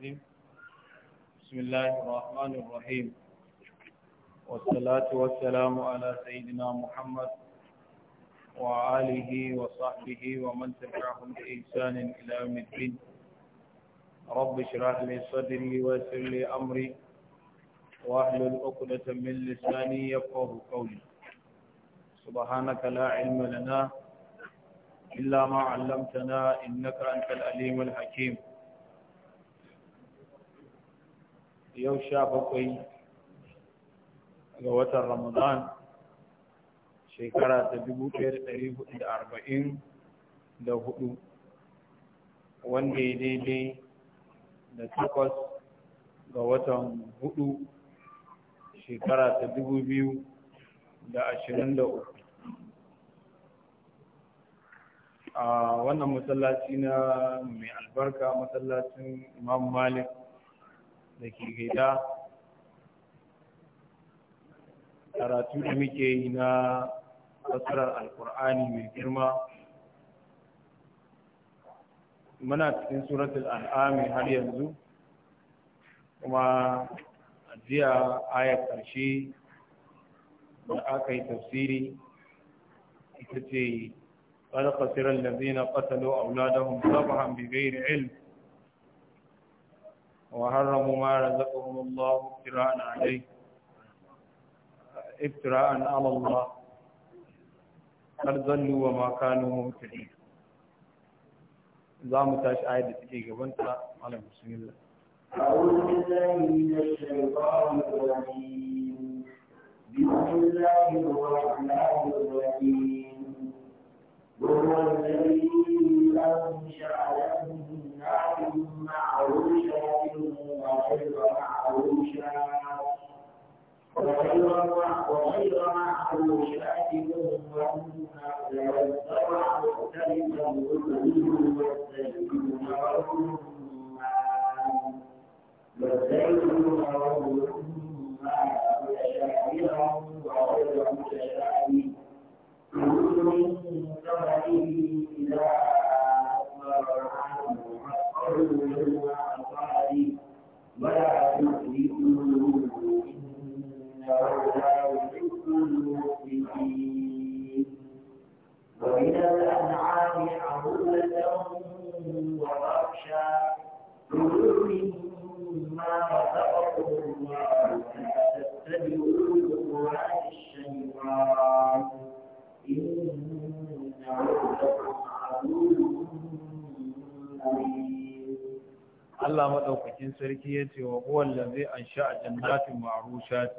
العظيم بسم الله الرحمن الرحيم والصلاة والسلام على سيدنا محمد وآله وصحبه ومن تبعهم بإحسان إلى يوم الدين رب اشرح لي صدري ويسر لي أمري واحلل عقدة من لساني يفقه قولي سبحانك لا علم لنا إلا ما علمتنا إنك أنت الأليم الحكيم yau sha bakwai ga watan ramadan shekara ta dubu ɗaya da ɗari hudu da arba'in da hudu wanda ya daidai da takwas ga watan hudu shekara ta dubu biyu da ashirin da uku a wannan matsalaci na mai albarka matsalacin imam malik da ke gaida karatu da muke yi na fasarar alkur'ani mai girma muna cikin suratul al'ami har yanzu kuma jiya ayar ƙarshe da aka yi tafsiri ita ce ƙarƙasirar da zai na ƙasalo a wuladahun sabahan bigayar ilm وهرموا ما رزقهم الله افتراء عليه افتراء على الله قد ضلوا وما كانوا ممتعين za متاش آية ayar da take gabanta malam أعوذ بالله من الشيطان الرجيم بسم الله الرحمن الرحيم وهو الذي أنشأ لكم جنات معروشات وغير معروشات وغير وغير معروشات ومنكر والزرع مختلفا والزيتون والزيتون والرمان والزيتون والرمان متشابها وغير متشابه كل من ثمره إذا ولا تشركوا إنه لا يحب المسلمين ومن الأنعام حمولة وفرشا كلوا مما رزقكم الله ولا تتبعوا خطوات الشيطان Allah maɗaukakin sarki ya ce wa huwan zai an a jannatin ma'arushat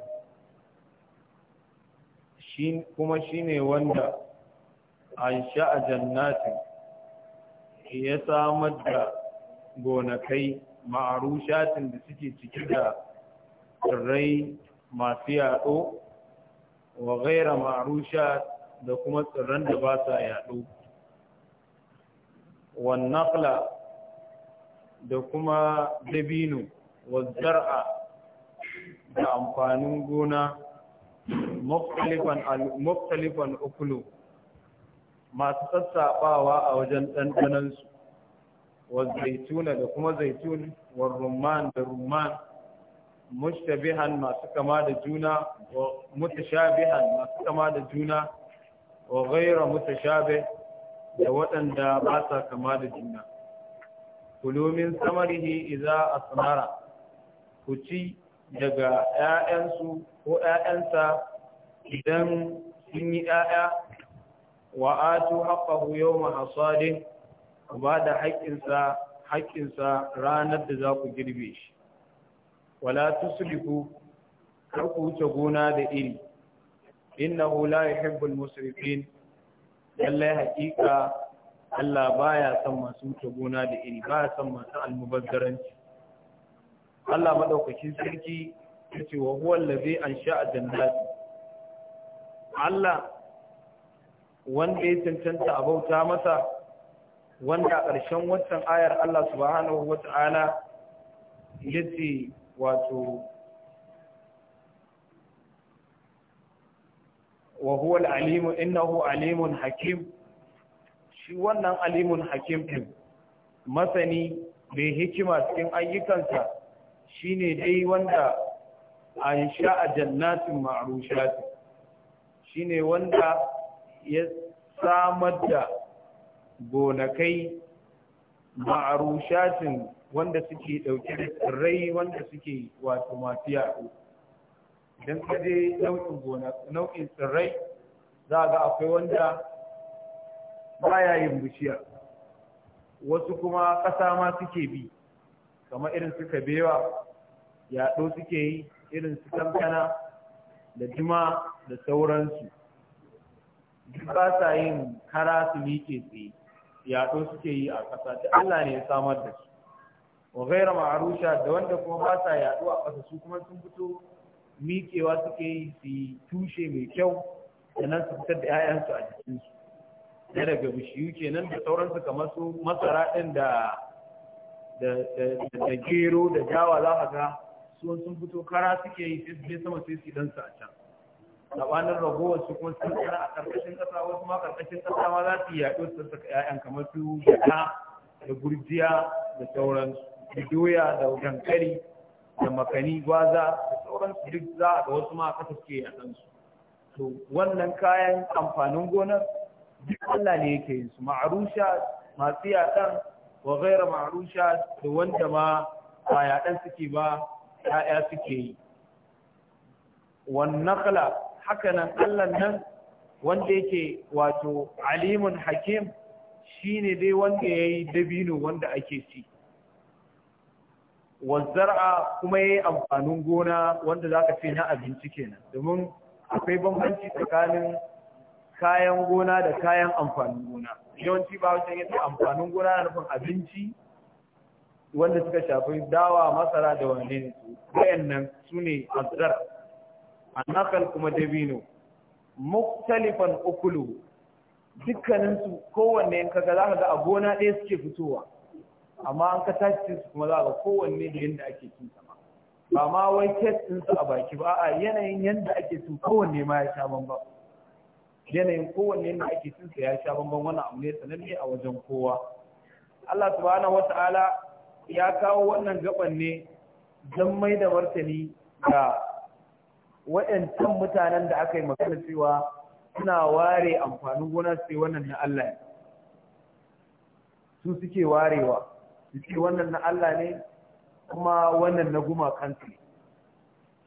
kuma shi ne wanda an a jannatin ya samar da gonakai ma'arushatin da suke ciki da tsirrai masu yaɗo wa gaira ma'arushat da kuma tsirran da ba sa yaɗo wannan da kuma dabino zar'a da amfanin gona Muftalifan ukulu masu sassaɓawa a wajen ɗanɗanansu zaituna da kuma zaitun rumman da rumman mushtabihan masu kama da juna wa mutashabihan masu kama da juna wa Gaira mutashabe da waɗanda ba sa kama da juna min samarihi iza asmara ku ci daga ‘ya'yansu ko ‘ya'yansa idan sun yi ‘ya'ya wa atu haqqahu yau mahasadin ku ba da haƙƙinsa haƙƙinsa ranar da za ku girbe shi wala tusrifu kar ku wuce gona da iri innahu la yuhibbul musrifin lallai haƙiƙa Allah baya son masu wuce gona da iri ba ya son masu almubazzaranci Allah maɗaukakin sarki ce wa an sha a jannat Allah wanda ya cancanta a bauta masa wanda a ƙarshen watan ayar Allah subhanahu ya ce wato wa huwa alimu innahu alimun hakim shi wannan alimun hakim ɗin masani mai hikima cikin ayyukansa shine dai wanda a sha a jannatin shi shine wanda ya samar da gonakai ma'arushatin wanda suke ɗauke da tsirrai wanda suke wato masu yaɗo idan ka je nau'in tsirrai za a ga akwai wanda baya yin bishiya. wasu kuma ƙasa ma suke bi kamar irin su Kabewa, yaɗo suke yi irin su kankana da jima da sauransu duk ba sa yin kara su miƙe tsaye yaɗo suke yi a ƙasa da Allah ne ya samar da su wa gaira ma'arusha da wanda kuma ba sa yaɗo a ƙasa su kuma sun fito miƙewa suke yi su tushe mai kyau da nan su fitar da 'ya'yansu a jikinsu na daga bishiyu kenan da sauransu kamar su masara ɗin da da gero da dawa za a ga sun sun fito kara suke yi sai sai sama sai su dan su a can sabanin ragowar su kuma sun kara a karkashin kasa wasu ma karkashin kasa ma za su yaɗo su saka ƴaƴan kamar su gida da gurjiya da sauransu da doya da dankali da makani gwaza da sauransu duk za a ga wasu ma a ƙasa suke yaɗan to wannan kayan amfanin gonar duk Allah ne yake yin su ma'arusha masu yaɗan wa gaira ma'arusha da wanda ma ba yaɗan suke ba ya'ya suke yi wannan kala haka Allah nan wanda yake wato alimun hakim shine dai wanda ya yi dabino wanda ake ci zar'a kuma ya yi amfanin gona wanda za ka ce na abinci kenan domin akwai bambanci tsakanin kayan gona da kayan amfanin gona yawanci ba wajen yi amfanin gona na nufin abinci wanda suka shafi dawa masara da wani ne su wayannan su ne azzar nakan kuma dabino muktalifan ukulu dukkaninsu kowanne yanka kaga za ka ga a gona ɗaya suke fitowa amma an ka tashi su kuma za ka kowanne da yadda ake cin sama ba ma wai kes ɗinsu a baki ba a yanayin yadda ake cin kowanne ma ya sha bambam yanayin kowanne na ake cin sa ya sha bambam wannan abu ne sananne a wajen kowa Allah subhanahu wata'ala ya kawo wannan gaban ne don mai da martani ga waɗancan mutanen da aka yi magana cewa suna ware amfanin gona su wannan na Allah ne su suke warewa su ce wannan na Allah ne kuma wannan na gumakansu ne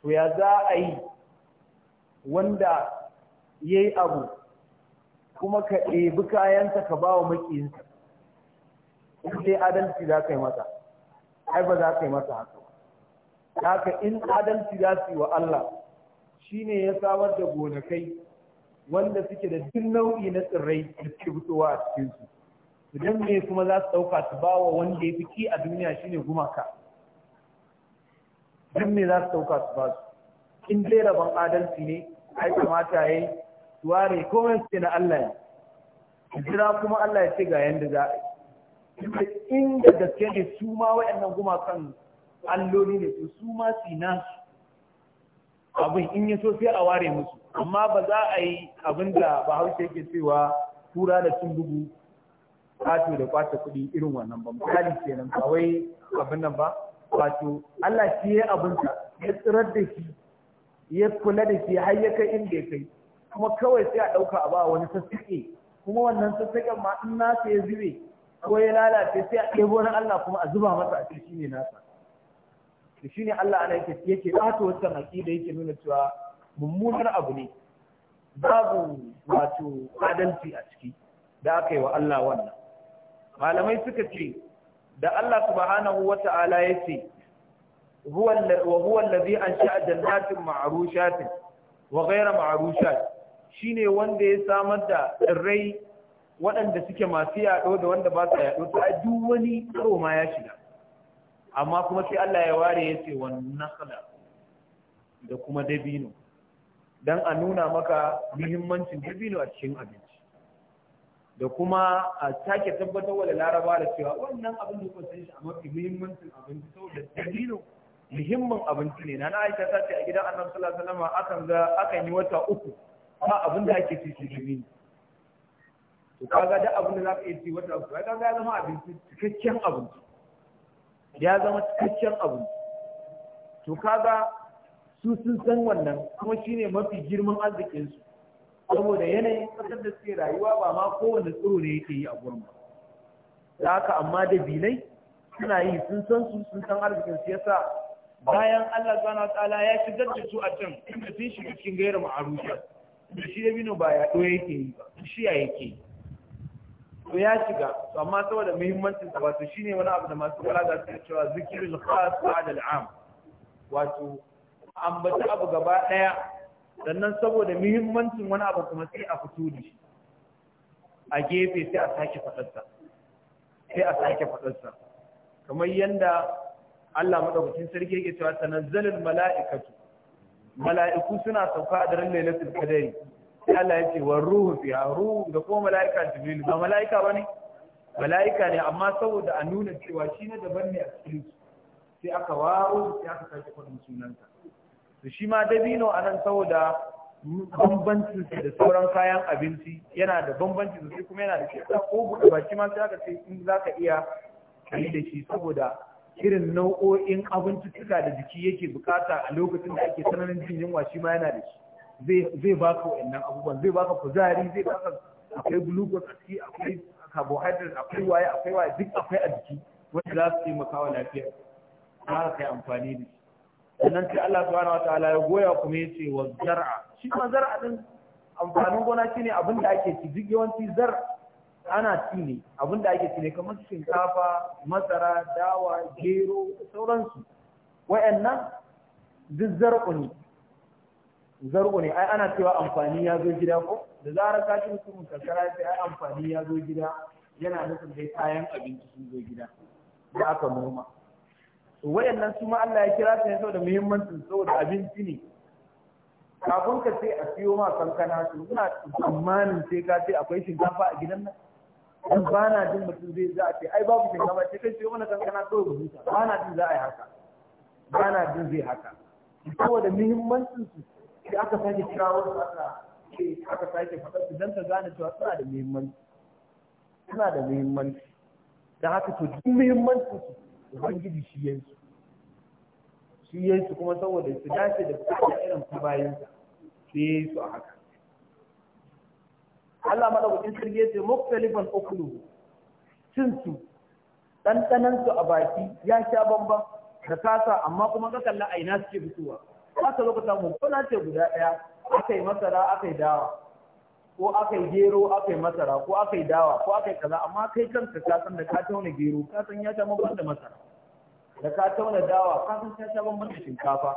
to ya za a yi wanda ya yi abu kuma ka ɗebi kayanta ka ba wa makiyinsa in dai adalci za ka yi mata ai ba za ka yi mata haka ka in adalci za su yi wa Allah shi ne ya samar da gonakai wanda suke da duk nau'i na tsirrai da suke fitowa a cikinsu idan me kuma za su ɗauka su ba wa wanda ya fi ki a duniya shi ne gumaka idan me za su ɗauka su ba su in dai rabon adalci ne ai kamata ya ware komai su na Allah ya jira kuma Allah ya ce ga yadda za a yi inda gaske ne su ma waɗannan gumakan alloli ne su ma su na su abin in yi so sai a ware musu amma ba za a yi abin da bahaushe ke cewa tura da sun bugu kato da kwata kuɗi irin wannan ba misali kenan ba wai abin nan ba wato Allah shi ya abinsa ya tsirar da shi ya kula da shi har ya kai inda ya kai kuma kawai sai a ɗauka a ba wani sassaƙe kuma wannan sassaƙen ma in nasa ya zube ko ya lalace sai a ɗebo na Allah kuma a zuba masa a cikin shi ne nasa shi ne Allah ana yake yake ɓata wancan da yake nuna cewa mummunar abu ne babu wato adalci a ciki da aka yi wa Allah wannan malamai suka ce da Allah subhanahu wa ta'ala ya ce wa الذي أنشأ جنات jannatin وغير wa Shi ne wanda ya samar da tsirrai waɗanda suke masu yaɗo da wanda ba su yaɗo ta duk wani karo ma ya shiga amma kuma sai Allah ya ware ya ce wannan kala da kuma dabino don a nuna maka muhimmancin dabino a cikin abinci da kuma a sake tabbatar wani laraba da cewa wannan abin da kusan shi a mafi muhimmancin abinci saboda dabino muhimmin abinci ne na na aisha ta ce a gidan annabi sallallahu alaihi wasallam akan ga akan yi wata uku ba abin da ake ci shi ne to kaga da abin da za ka iya ci wata abu kaga ya zama abinci cikakken abinci ya zama cikakken abinci to kaga su sun san wannan kuma shine mafi girman arzikinsu saboda yanayin kasar da suke rayuwa ba ma kowane tsoro ne yake yi a gurin ba da haka amma da bilai suna yi sun san su sun san arzikin su yasa bayan Allah subhanahu wa ta'ala ya shigar da su a can inda sun shiga cikin gairar ma'arusha da shi ba ba yaɗo yake yi ba shi ya yake yi to ya shiga to amma saboda muhimmancin sa wato shine wani abu da masu kula da su cewa zikirul khas ba'da al'am wato ambaci abu gaba daya sannan saboda muhimmancin wani abu kuma sai a fito da shi a gefe sai a sake fadarsa sai a sake fadarsa kamar yanda Allah madaukakin sarki yake cewa tanazzalul mala'ikatu mala'iku suna sauka a daren lailatul qadari sai Allah ya ce wa ruhu fiha ruhu da ko mala'ika jibril ba mala'ika bane mala'ika ne amma saboda a nuna cewa shi na daban ne a cikin su sai aka waro sai aka sake kwadin sunanta to shi ma dabino anan saboda bambancin da sauran kayan abinci yana da bambanci sosai kuma yana da shi ko buɗe baki ma sai aka ce in zaka iya kai da shi saboda irin nau'o'in abincicika da jiki yake bukata a lokacin da ake tsananin jin yunwa shi ma yana da shi zai baka wa'annan abubuwan zai baka kuzari zai baka akwai glucose a ciki akwai carbohydrate akwai waye akwai waye duk akwai a jiki wanda za su taimaka wa lafiya ba ka yi amfani da shi sannan sai Allah subhanahu wataala ya goya kuma ya ce wa zar'a shi ma zar'a din amfanin gona shine abin da ake ci duk yawanci zar'a ana ci ne abin da ake ci ne kamar shinkafa masara dawa gero sauransu wayannan duk zarko ne zarko ne ai ana cewa amfani ya zo gida ko da zarar ka ci mutumin karkara sai ai amfani ya zo gida yana nufin dai kayan abinci sun zo gida da aka noma wayannan su ma Allah ya kira su ne saboda muhimmancin saboda abinci ne kafin ka sai a siyo ma kankana su suna tsammanin sai ka ce akwai shinkafa a gidan nan dan ba na jin mutum zai za a ce ai babu shinkafa ce kai ce mana kankana kawai mu huta ba na jin za a yi haka ba na jin zai haka saboda muhimmancin su sai aka sake kira wasu aka ce aka sake faɗa su dan ka gane cewa suna da muhimmanci suna da muhimmanci da haka to duk muhimmancin su ubangiji shi ya su shi su kuma saboda su dace da bukatar irin ta bayansa sai yi su a haka Allah madaukakin sarki yace muktalifan ukulu cin su dandanan su a baki ya sha bamban da kasa amma kuma ka kalla a suke fitowa haka zo ka samu kuna ce guda daya akai masara akai dawa ko akai gero akai masara ko akai dawa ko akai kaza amma kai kanka ka san da ka tauna gero ka san ya sha bamban da masara da ka tauna dawa ka san ya sha bamban da shinkafa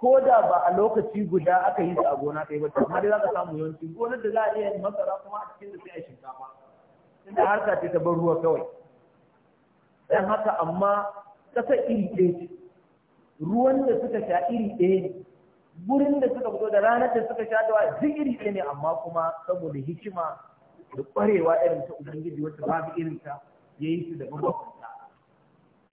ko da ba a lokaci guda aka yi a gona yi ba amma dai za ka samu yawancin gonar da za a iya masara kuma a cikin da sai a shinkafa inda harka ce ta bar ruwa kawai dan haka amma ƙasa iri ɗaya ce ruwan da suka sha iri ɗaya ne gurin da suka fito da ranar da suka sha dawa duk iri ɗaya ne amma kuma saboda hikima da ƙwarewa irin ta ubangiji wata babu irin ta ya yi su da mabambanta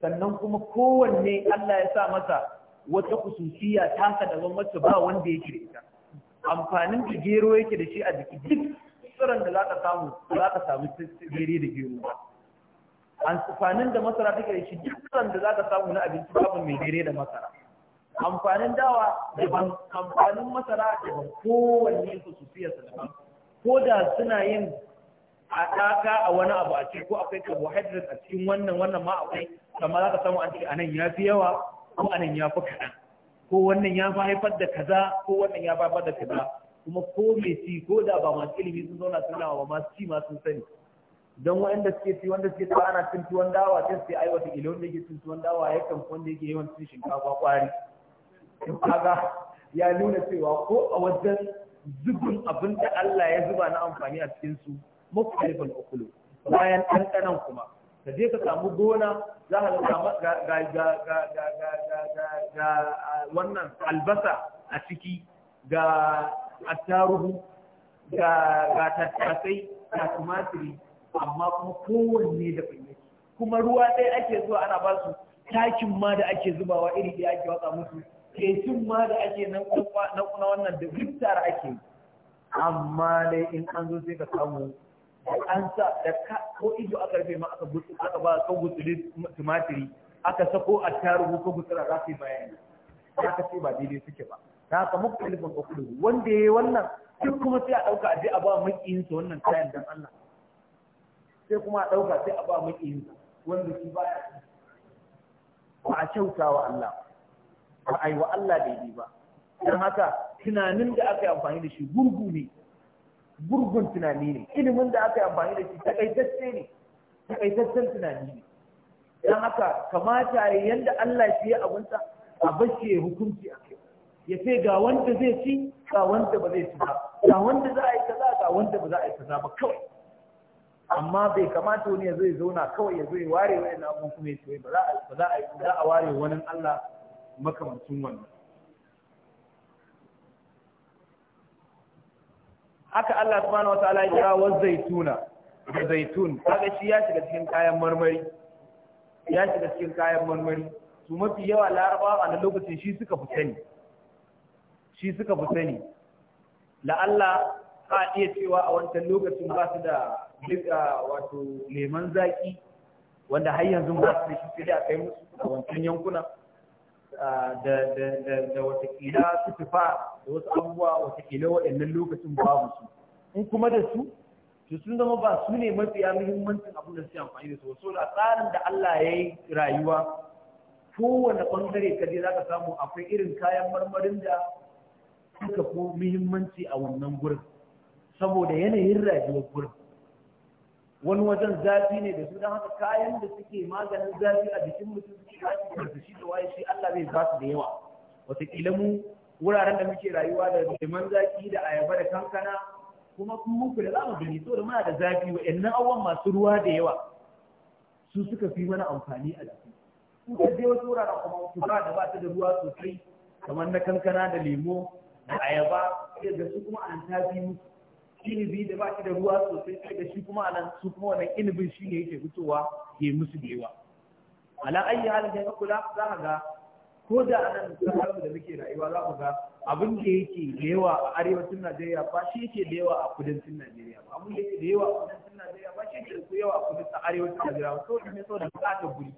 sannan kuma kowanne Allah ya sa masa wata kususiya tasa daban mace ba wanda yake da ita amfanin da gero yake da shi a jiki duk tsiron da zaka samu zaka samu gero da gero ba amfanin da masara take da shi duk tsiron da zaka samu na abinci babu mai gero da masara amfanin dawa daban amfanin masara daban kowanne su daban ko da suna yin a haɗaka a wani abu a cikin ko akwai carbohydrate a cikin wannan wannan ma akwai kamar za ka samu a ce a nan ya fi yawa ko anan ya fi kaɗan ko wannan ya haifar da kaza ko wannan ya haifar da kaza kuma ko mai ci ko da ba masu ilimi sun zauna sun nawa ba masu ci ma sun sani don wanda suke ci wanda suke ci ana cin tuwon dawa sai su ai wata ilo da yake cin tuwon dawa ya kan wanda yake yawan cin shinkafa kwari kaga ya nuna cewa ko a wajen zubin abin da Allah ya zuba na amfani a cikin su mukhtalifal ukulu bayan ɗanɗanan kuma ka je ka samu gona za ka ga wannan albasa a ciki ga attaruhu ga tattasai ga tumatiri amma kuma kowanne da fanye kuma ruwa ɗaya ake zuwa ana ba su takin ma da ake zubawa iri ɗaya ake watsa musu kekin ma da ake nan kuna wannan da hektar ake amma dai in an zo sai ka samu an sa da ka ko ido aka rufe ma aka gutsu aka ba gutsu ne tumatiri aka sako a tarugu ko gutsu za zafi yi bayani Ya ka ce ba daidai suke ba ta haka kalifin ukulu wanda ya yi wannan duk kuma sai a ɗauka a je a ba makiyinsa wannan kayan dan Allah sai kuma a ɗauka sai a ba makiyinsa wanda shi ba ya ba a kyauta wa Allah ba a yi wa Allah daidai ba don haka tunanin da aka yi amfani da shi gurgu ne gurgun tunani ne ilimin da aka yi amfani da shi takaitacce ne takaitaccen tunani ne don haka kamata ya yanda Allah shi ya abinta a bashi ya hukunci a kai ya ce ga wanda zai ci ga wanda ba zai ci ba ga wanda za a yi kaza ga wanda ba za a yi kaza ba kawai amma bai kamata wani ya zai zauna kawai ya zai ware wani na kuma ya ce ba za a ware wani Allah makamancin wannan haka Allah subhanahu ta'ala ya kira wa zaituna da zaitun kaga shi ya shiga cikin kayan marmari ya shiga cikin kayan marmari su mafi yawa Laraba a lokacin shi suka fi sani shi suka fi sani Allah ka iya cewa a wancan lokacin ba su da wato leman zaki wanda har yanzu ba su da shi sai a kai musu a wancan yankuna da watakila su tufa da wasu abubuwa watakila waɗannan lokacin babu su in kuma da su to sun zama ba su ne mafiya muhimmancin abin da su amfani da su so da tsarin da Allah ya yi rayuwa kowane ɓangare ka je za ka samu akwai irin kayan marmarin da suka fi muhimmanci a wannan gurin saboda yanayin rayuwar gurin wani wajen zafi ne da su don haka kayan da suke maganin zafi a jikin mutum suke da shi da waye shi Allah zai ba su da yawa wataƙila mu wuraren da muke rayuwa da liman zaki da ayaba da kankana kuma kun muku da zamu gani to da muna da zafi wa'annan abubuwan masu ruwa da yawa su suka fi mana amfani a jiki Su ka je wasu wuraren kuma ku ba da ba ta da ruwa sosai kamar na kankana da lemo da ayaba sai da su kuma an tafi musu inibi da ba shi da ruwa sosai sai da shi kuma anan su kuma wannan inibin shi ne yake fitowa ya musu da yawa ala ayi halin da kula za ka ga ko da anan kasar da muke rayuwa za ku ga abin da yake da yawa a arewacin Najeriya ba shi yake da yawa a kudancin Najeriya ba abin da yake da yawa a kudancin Najeriya ba shi yake da yawa a kudancin arewacin Najeriya ba saboda ne saboda bukatar guri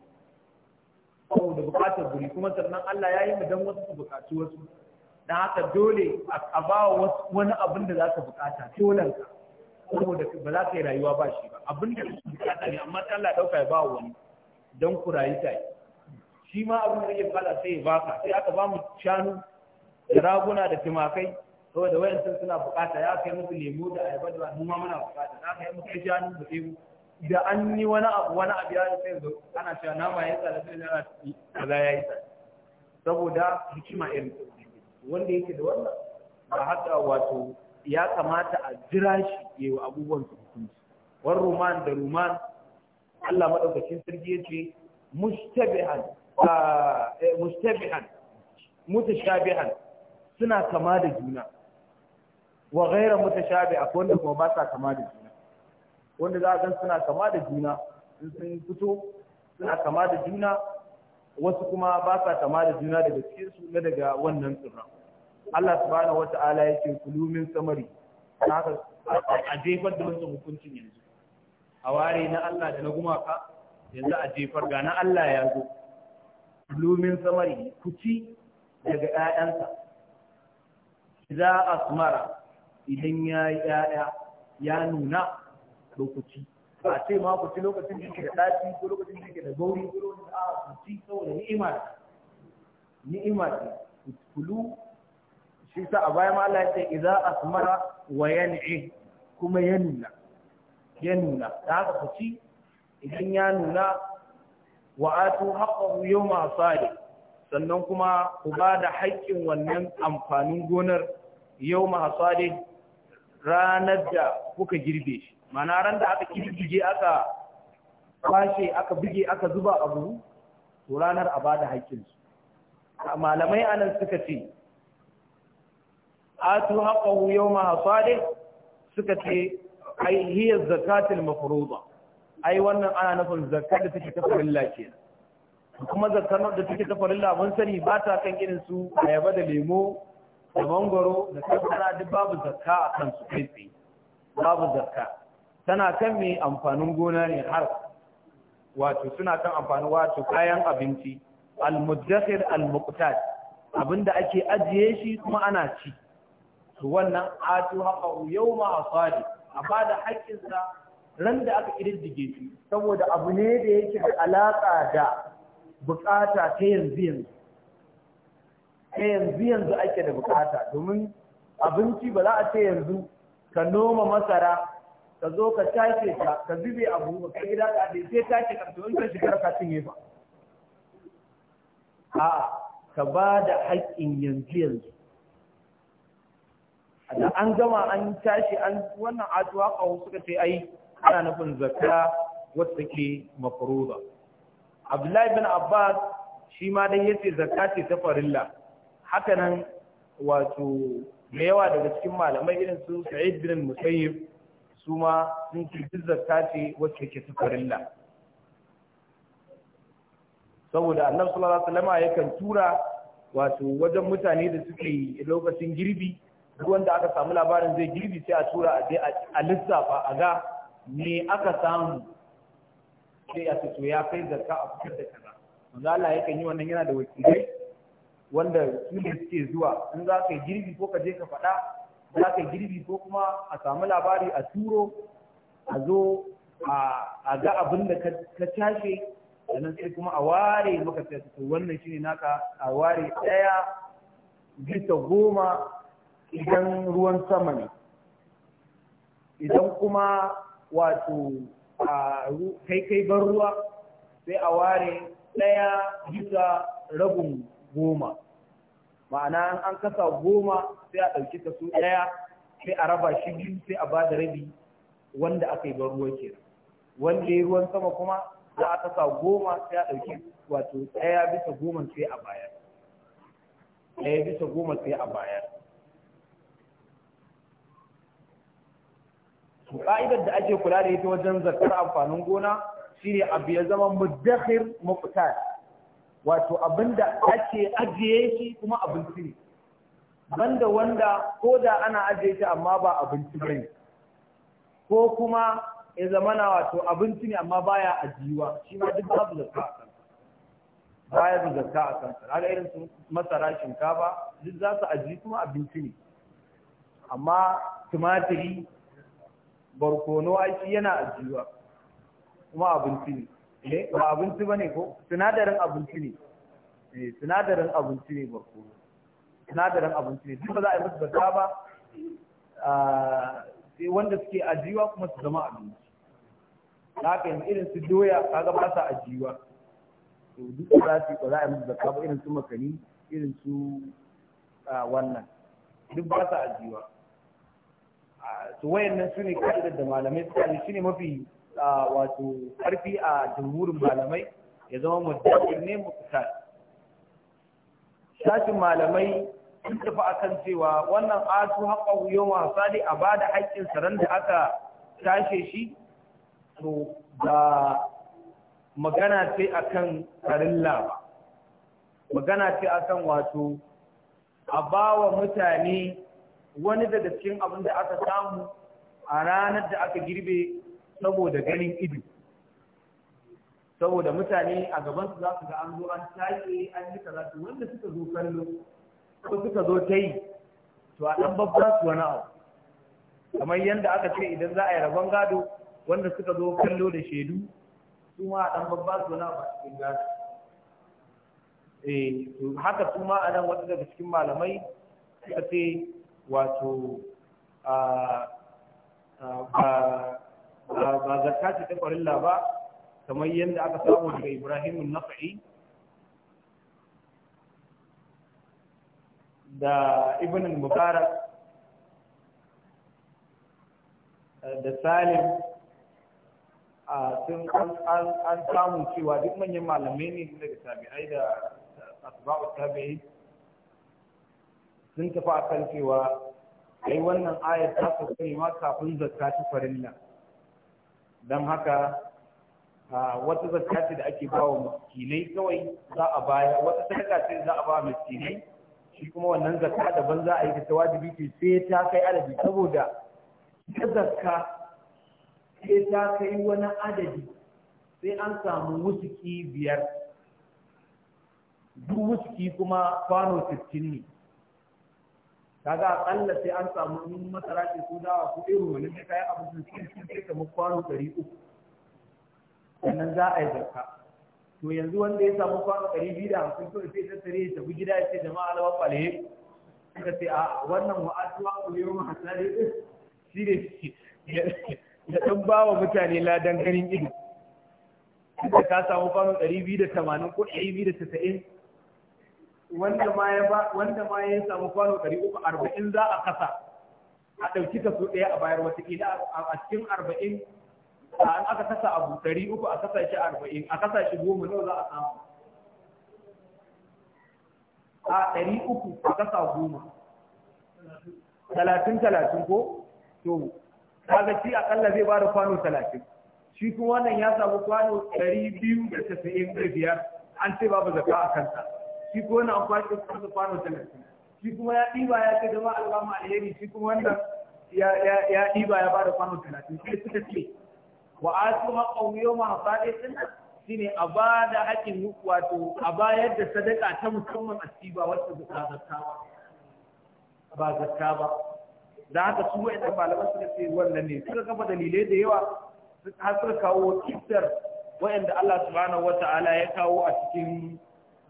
saboda bukatar guri kuma sannan Allah ya yi mu dan wasu su bukaci wasu don haka dole a ba wani abin da za ka bukata tolanka saboda ba za ka yi rayuwa ba shi ba abin da ka bukata ne amma Allah ya dauka ya ba wani don ku rayu ta shi ma abin da yake fada sai ya baka sai aka ba mu shanu da raguna da tumakai saboda wayan suna bukata ya kai musu lemu da ayaba da mu ma muna bukata za ka yi musu shanu da tsebo da an yi wani abu wani abu ya yi sai zo ana cewa nama ya tsada sai yana tafi kaza ya yi tsada saboda hikima irin wanda yake da wannan ba haka wato ya kamata a jira shi ya yi abubuwan su hukunci wani roman da roman Allah maɗaukacin sarki ya ce mustabihan eh, mutashabihan suna kama da juna wa gaira mutashabi akwai wanda kuma ba sa kama da juna wanda za a gan suna kama da juna in sun fito suna kama da juna wasu kuma ba sa kama da juna daga cikin su na daga wannan tsirran Allah subhanahu wata'ala yake kulumin samari haka a jefar da wancan hukuncin yanzu a ware na Allah da na gumaka yanzu a jefar ga na Allah ya zo kulumin samari ku ci daga ƴaƴansa idan asmara idan ya yi ƴaƴa ya nuna lokaci ba a ce ma ku ci lokacin da yake da ɗaci ko lokacin da yake da gauri ko lokacin da a ku ci saboda ni'ima ce ni'ima ce kulu shi sa a baya ma Allah ya ce idza asmara wa yan'i kuma ya nuna da haka ku ci idan ya nuna wa atu haqqahu yawma asadi sannan kuma ku ba da haƙƙin wannan amfanin gonar yawma asadi ranar da kuka girbe shi mana ran da aka kirkije aka kwashe aka buge aka zuba abu to ranar a bada haƙƙinsu malamai anan suka ce atu haƙahu yawma mahasade suka ce ai hiyar zakatul mafruḍa ai wannan ana nufin zakar da take tafarilla ce kuma zakar da take tafarilla mun sani ba ta kan irin su ayaba da lemo da mangoro da kankana duk babu zakka a su kai tsaye babu zakka tana kan mai amfanin gona ne har wato suna kan amfanin wato kayan abinci al-muddakhir al abinda ake ajiye shi kuma ana ci to wannan atu haqahu yawma asadi a bada haƙƙinsa ran da aka kididdige shi saboda abu ne da yake da alaka da bukata ta yanzu yanzu ta yanzu yanzu ake da bukata domin abinci ba za a ce yanzu ka noma masara ka zo ka tace ta ka zube a buhu ka yi ka da sai tace ka to in ka shiga ka cinye ba a ka ba da haƙƙin yanzu yanzu da an gama an tashi an wannan ka wasu ka ce ai ana nufin zakka wacce take mafruza Abdullahi bin Abbas shi ma dai yace zakka ce ta farilla haka nan wato da yawa daga cikin malamai irin su Sa'id bin Musayyib su ma sun ci zakka ce wacce ke saboda annabi sallallahu alaihi wasallam kan tura wato wajen mutane da suke lokacin girbi duk wanda aka samu labarin zai girbi sai a tura a je a lissafa a ga me aka samu sai a fito ya kai zakka a fitar da kaza wanda Allah kan yi wannan yana da wakilai wanda su ne suke zuwa in za ka yi girbi ko ka je ka faɗa za ka girbi ko kuma a samu labari a turo a zo a ga abin da ka a sannan sai kuma a ware maka sai wannan shine naka a ware ɗaya bisa goma idan ruwan sama ne idan kuma wato kai kai ban ruwa sai a ware ɗaya bisa rabin goma ma'ana an kasa goma sai a ɗauki su ɗaya sai a raba shi biyu sai a bada rabi wanda aka yi ban ruwa ke wanda ya ruwan sama kuma za a kasa goma sai a ɗauki wato ɗaya bisa goma sai a bayar ɗaya bisa goma sai a bayar ka'idar da ake kula da ita wajen zakar amfanin gona shine abu ya zama muddakhir muftar wato abin da ake ajiye shi kuma abinci ne banda wanda ko da ana ajiye shi amma ba abinci bane ko kuma ya zamana wato abinci ne amma baya ajiyuwa shi ma duk babu zakka a kansa baya da zakka a kansa Haka irin su masara shinkafa duk za su ajiye kuma abinci ne amma tumatiri barkono aiki yana ajiyuwa kuma abinci ne eh ba abinci bane ko sinadarin abinci ne eh sinadarin abinci ne barkono sinadarin abinci ne duk ba za a yi musu bata ba sai wanda suke ajiwa kuma su zama abinci haka yanzu irin su doya kaga ba sa ajiwa to duk za su ba za a yi musu bata ba irin su makani irin su wannan duk ba sa ajiwa to wayannan su ne ka'idar da malamai suka yi shine mafi wato karfi a jamhurin malamai ya zama muddakir ne mukhtar sashin malamai sun tafi akan cewa wannan haƙa yau yawma hasadi a bada haƙƙin saran da aka tashe shi to ba magana ce akan karilla ba magana ce akan wato a bawa mutane wani daga cikin abin da aka samu a ranar da aka girbe saboda ganin ido saboda mutane a gaban su za su ga an zo an take an yi karatu wanda suka zo kallo ko suka zo ta yi to a dan babba su wani abu kamar yadda aka ce idan za a yi rabon gado wanda suka zo kallo da shaidu su ma a dan babba su wani abu a cikin gado eh haka su ma a nan wata daga cikin malamai suka ce wato a ba zakka ce ta ƙwarilla ba kamar yadda aka samu daga Ibrahim Nafi da Ibn Mubarak da Salim sun an samu cewa duk manyan malamai ne daga tabi'ai da asba'u tabi'i sun tafi a kan cewa ai wannan ayar ta sauka ma kafin zakka ta farilla don haka wata zakka ce da ake ba wa miskinai kawai za a baya wata sadaka ce za a ba wa miskinai shi kuma wannan zakka daban za a yi ta wajibi ce sai ta kai adadi saboda ta zakka sai ta kai wani adadi sai an samu musiki biyar duk musiki kuma kwano 15 ne kaga akalla sai an samu in masara ce ko dawa ko irin wani sai kayan abincin sun sun sai mu kwano ɗari uku sannan za a yi zakka to yanzu wanda ya samu kwano ɗari biyu da hamsin kawai sai ta tare ta bi gida ya ce jama'a alawa kwale suka ce a wannan wa'atuwa ko yau hasari ɗin shi ne ya ɗan ba wa mutane ladan ganin ido. Ka samu kwano ɗari biyu da tamanin ko ɗari biyu da tasa'in wanda ma ya ba wanda ma ya samu kwano 340 za a kasa a ɗauki kaso ɗaya a bayar wata a cikin 40 an aka kasa abu 300 a kasa shi 40 a kasa shi goma nawa za a samu a 300 a kasa goma talatin-talatin ko to kaga shi akalla zai ba da kwano talatin. shi kuma wannan ya samu kwano da 295 an ce babu zaka a kansa shi ko wani amfani da kuma kwano talatin shi kuma ya ɗiba ya ce jama'a alƙamu alheri shi kuma wanda ya ɗiba ya bada kwano talatin sai suka ce wa su haƙƙan yau ma hafaɗe sunna shine a ba da haƙƙin wato a bayar da sadaka ta musamman a ba wacce ba zakka ba ba zakka ba da haka su wa'in da malaman suka ce wannan ne suka kafa dalilai da yawa har suka kawo kisar wa'in da Allah subhanahu wa ta'ala ya kawo a cikin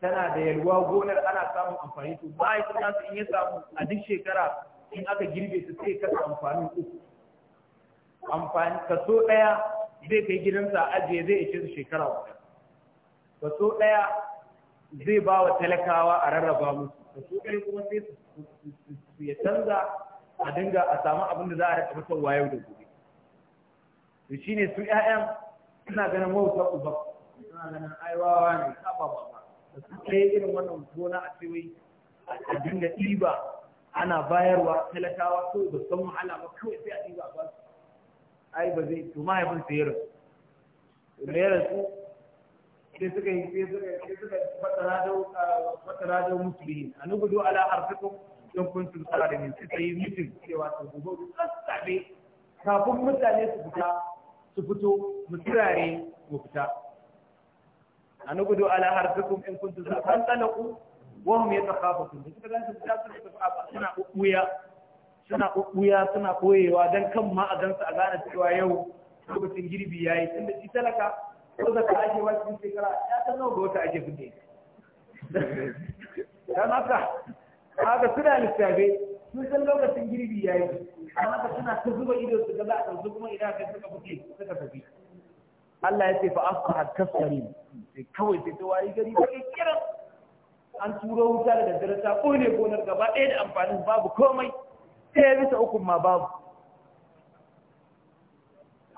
tana da yalwa gonar ana samun amfani to bayan sun su in ya samu a duk shekara in aka girbe su sai kasa amfanin uku amfani kaso ɗaya zai kai gidansa ajiye zai ishe su shekara wata kaso ɗaya zai ba wa talakawa a rarraba musu kaso ɗaya kuma sai su ya canza a dinga a samu abin da za a rika fitarwa yau da gobe to shine su ƴaƴan suna ganin wautar uba suna ganin aiwawa ne saba ba da yi irin wannan gona a cewa a dinga ɗiba ana bayarwa talakawa ko ba san wahala ba kawai sai a ɗiba ba su ai ba zai to mahaifin sai ya rasu da ya rasu sai suka yi sai suka sai suka fatara da musulmi a nugu do ala arzikum don da min suka yi mutum cewa su gobe sassabe kafin mutane su fita su fito mu turare mu fita an gudu ala harfikum in kuntum san talaku wa hum yatakhafatun duk da su ta suna ubbuya suna ubbuya suna koyewa dan kan ma a gansu a gane cewa yau lokacin girbi yayi tunda shi talaka ko zaka ake wa cikin shekara ya san nawa ga wata ake fide dan haka haka suna lissafe sun san lokacin girbi yayi amma suna ta zuba ido su ga za a kuma idan ka suka fike suka tafi Allah ya ce fa asbaha kasari sai kawai sai ta wari gari ba kira an turo wuta da daddare ta kone gonar gaba ɗaya da amfanin babu komai sai bisa uku ma babu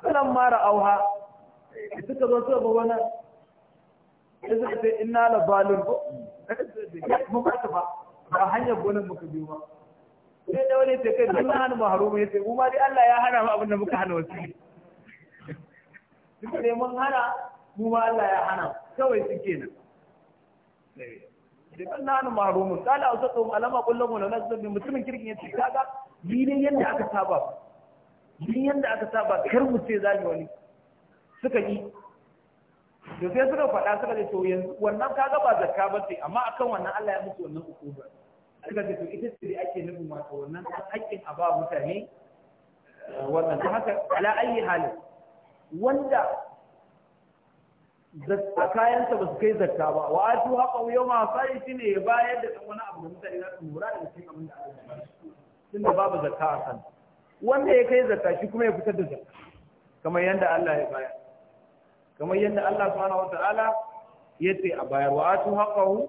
kalan mara auha da suka zo suka ba nan da suka ce inna la balun ko mu ba ta ba ba hanyar gonar muka biyo ba sai da wani ta kai duk hana mu haro mu mu ma dai Allah ya hana mu abin da muka hana wasu suka ne mun hana mu ma Allah ya hana kawai suke nan eh, da kan nanu marumun kala a zato alama kullum wani nasu ne mutumin kirkin ya ce kaga bi ne yadda aka saba bi yadda aka saba kar mu ce zani wani suka yi da sai suka faɗa suka ce to yanzu wannan kaga ba zakka ba ce amma akan wannan Allah ya musu wannan ukuba suka ce to ita ce da ake nufin ma wannan haƙƙin a ba mutane eh, wannan ta haka ala ayi halin wanda kayansa ba su kai zarta ba wa atu ma yawma hasai shine ya bayar da wani abu da mutane za su lura da cikin abin da Allah ya tunda babu zakka a kan wanda ya kai zakka shi kuma ya fitar da zakka kamar yadda Allah ya bayar kamar yadda Allah subhanahu ala ya ce a bayar wa atu haqahu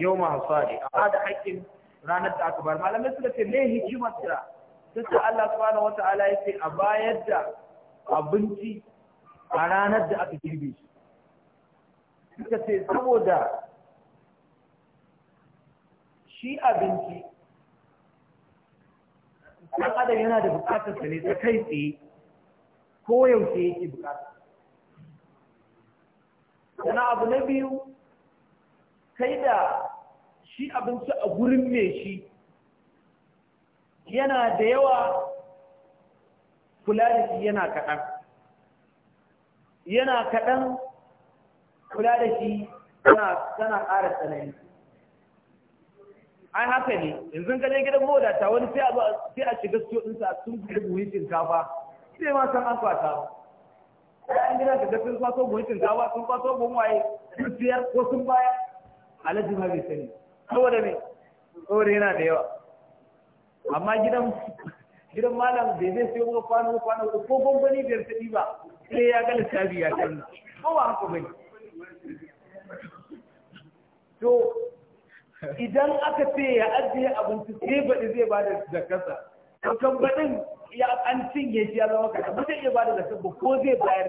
yawma hasadi a da haƙƙin ranar da aka bayar malamai suka ce me hikimar da sai Allah subhanahu ala ya ce a bayar da abinci a ranar da aka girbe shi suka ce saboda shi abinci ɗan adam yana da buƙatar sa ne ta kai tsaye ko yaushe yake buƙata sana abu na biyu kai da shi abinci a gurin mai shi yana da yawa kula da shi yana kaɗan yana kaɗan kula da shi tana ƙara tsanani ai haka ne yanzu ka je gidan moda ta wani sai a shiga siyo ɗinsa sun fi buhun shinkafa sai ma san an kwata ba gina gida sun kwaso buhun shinkafa sun kwaso buhun waye sun siyar ko sun baya alhaji ma bai sani saboda me saboda yana da yawa amma gidan gidan malam bai zai sayo maka kwano kwano da ko gwangwani biyar yarsa ba sai ya ga littafi ya canza ko ba haka bane to idan aka ce ya ajiye abinci sai baɗi zai ba da zakasa kan baɗin ya an cinye shi ya zama kaɗan ba zai iya ba da zakasa ba ko zai bayar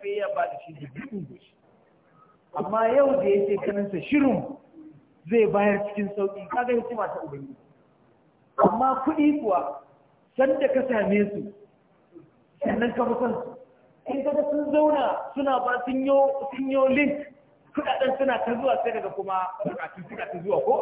sai ya ba da shi amma yau da yake ganinsa shirin zai bayar cikin sauƙi kaga hikima ta ubangiji amma kuɗi kuwa sanda ka same su sannan ka musan su in kaga sun zauna suna ba sun yo sun yo link kudaden suna ta zuwa sai daga kuma bukatu suna ta zuwa ko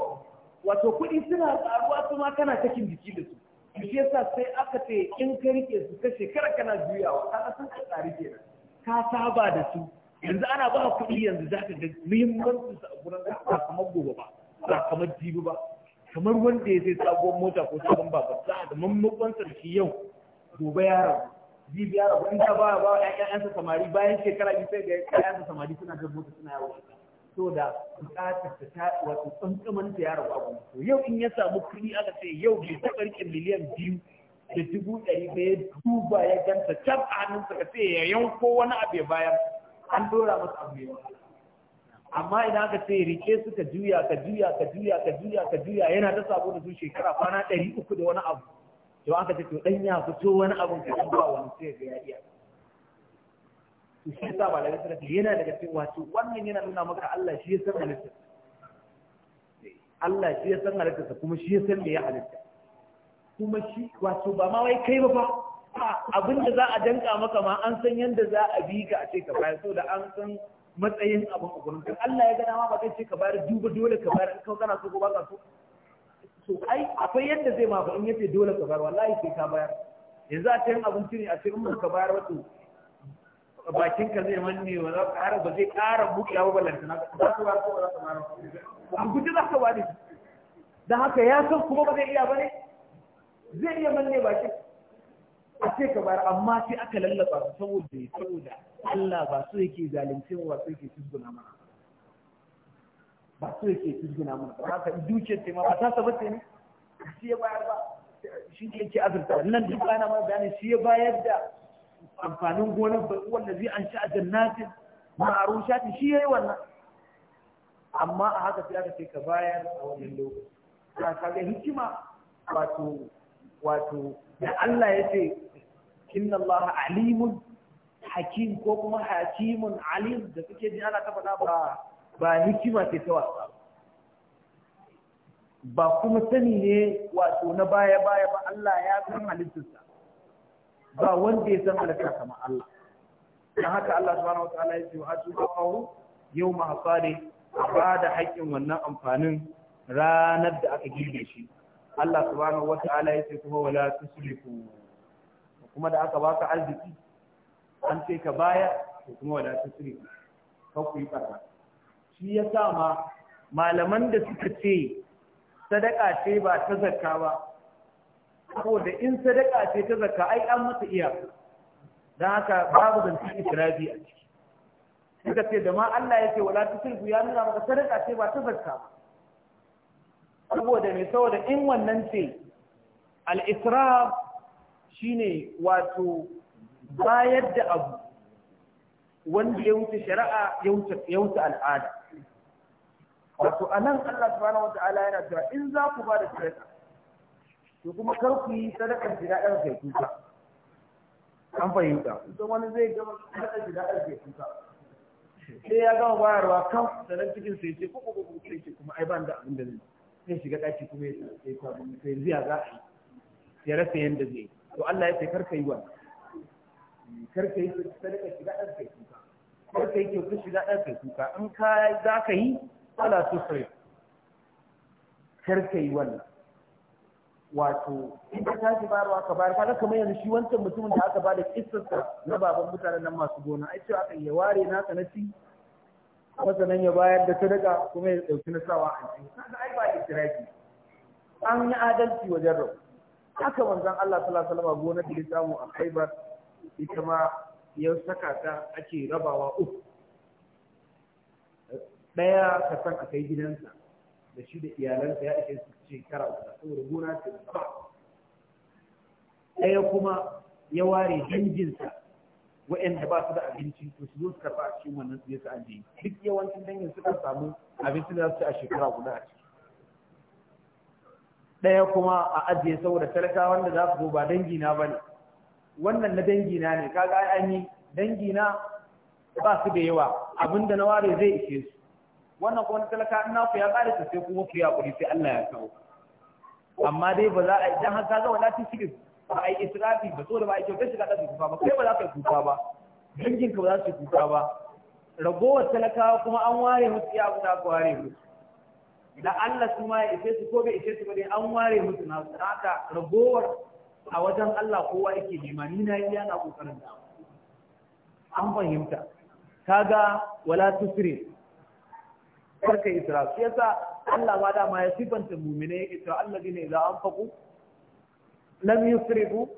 wato kudi suna tsaruwa su ma kana cikin jiki da su shi yasa sai aka ce in ka rike su ka shekara kana juyawa ka san ka tsari kenan ka saba da su yanzu ana ba kuɗi yanzu za ka ga muhimmancin su a gurin ba kamar gobe ba ba kamar jibi ba kamar wanda ya sai sabuwar mota ko sabon ba za a da mammakon sarki yau gobe ya rabu jibi ya rabu in ta ba ba ƴaƴansa samari bayan shekara biyu sai da ƴaƴansa samari suna da mota suna yawo saboda buƙatar ta ta wato tsantsaman ta ya rabu a gobe to yau in ya samu kuɗi aka ce yau bai taɓa rike miliyan biyu da dubu ɗari ɗaya duba ya ganta tab a hannunsa ka ce ya yanko wani abu ya bayar an ɗora masa abu ya bayar. amma idan aka ce rike su ka juya ka juya ka juya ka juya ka juya yana ta sabo da su shekara kwana ɗari uku da wani abu to aka ce to ɗan ya fito wani abun ka ɗan ba wani sai ga ya iya to shi yasa ba daga sarki yana daga cikin wato wannan yana nuna maka Allah shi ya san halitta Allah shi ya san halitta kuma shi ya san me ya halitta kuma shi wato ba ma wai kai ba fa abin da za a danka maka ma an san yanda za a bi ka a ce ka bayar so da an san matsayin abin a gurin Allah ya gana ma ba zai ce ka bayar duba dole ka bayar kawai kana so ko ba ka so to ai akwai yadda zai ma ba in yace dole ka bayar wallahi sai ka bayar yanzu a cikin abinci ne a cikin mun ka bayar wato bakin ka zai manne wa za ka ba zai ƙara bukiya ba balanta na ka za ka ba ko ba za ka bayar a guji za ka bani dan haka ya san kuma ba zai iya bane zai iya manne bakin a ce ka bayar amma sai aka lallaba su saboda saboda Allah ba su yake zalunce wa ba so yake tuzguna mana ba su yake tuzguna mana ba haka dukiyar ce ma ba ta saba ce ne shi ya bayar ba shi ke yake azurta wannan duk ana ma bayanin shi ya bayar da amfanin gonar ba da zai an sha a jannatin ma'arushatin shi ya yi wannan amma a haka sai aka ce ka bayar a wannan lokaci ka ga hikima wato wato da Allah ya ce inna Allah alimun hakim ko kuma hakimun alim da suke ji ana ta faɗa ba ba hikima ce ta ba kuma sani ne wato na baya baya ba Allah ya san halittarsa ba wanda ya san halittar kama Allah dan haka Allah subhanahu wataala ya ce wa atu yau ma hasari ba da hakkin wannan amfanin ranar da aka girbe shi Allah subhanahu wa ya ce kuma wala tusrifu kuma da aka baka arziki an ce ka baya to kuma ta tsiri ka ku yi karba shi ya sa ma malaman da suka ce sadaka ce ba ta zakka ba saboda in sadaka ce ta zakka ai an mata iya. don haka babu zancen israfi a ciki suka ce da ma Allah ya ce wala tsiri ya nuna maka sadaka ce ba ta zakka ba saboda me saboda in wannan ce al-israf shine wato bayar da abu wanda ya wuce shari'a ya wuce al'ada wato a nan Allah subhanahu wa ta'ala yana cewa in za ku ba da sadaka to kuma kar ku yi sadakar jira'ar kai kuka an fahimta don wani zai gama sadakar jira'ar kai kuka sai ya gama bayarwa kan sanar cikin sai ce ko ko ko sai ce kuma ai ban da abin da zai shiga daki kuma ya sai kwa sai ziya za a yi ya rasa yanda zai yi to Allah ya ce karka yi wa karka yi sadaka shiga ɗan kai kuka karka yi kyautar shiga ɗan kai kuka in ka za ka yi ala sufri karka yi wannan wato in ka tashi bayarwa ka bayar kaga kamar yanzu shi wancan mutumin da aka bada kissarsa na baban mutanen nan masu gona ai cewa kan ya ware naka na ci nan ya bayar da sadaka kuma ya ɗauki na sawa a ciki kaga ai ba israfi an yi adalci wajen rabu haka manzon Allah sallallahu alaihi wasallam gonar da ya samu a Khaibar ita ma ya saka ta ake rabawa uku daya ka san a gidansa da shi da iyalansa ya ake su shekara uku saboda gona ce ba daya kuma ya ware danginsa waɗanda ba su da abinci to su zo su karɓa a cikin wannan su je su ajiye duk yawancin dangin suka samu abinci da za su ci a shekara guda a ciki ɗaya kuma a ajiye saboda talaka wanda za su zo ba na ba ne wannan na dangi na ne kaga an yi Dangi na ba su da yawa abinda na ware zai ishe su wannan kuma na talaka ina ku ya ƙare sai kuma ku ya ƙuri sai Allah ya kawo amma dai ba za a idan har ka ga ta shirin, ba a yi israfi ba so da ba a yi kyau shiga ɗan kufa ba kai ba za ka yi kufa ba danginka ba za su yi kufa ba ragowar talakawa kuma an ware musu iya abin da aka ware musu da Allah su ma ya ishe su ko bai ishe su ba dai an ware musu na su haka ragowar a wajen Allah kowa yake nema ni na yi yana kokarin da an fahimta kaga wala tusri karka isra shi yasa Allah ma dama ya sifanta mu'mine Allah cewa za an faku lam yusrifu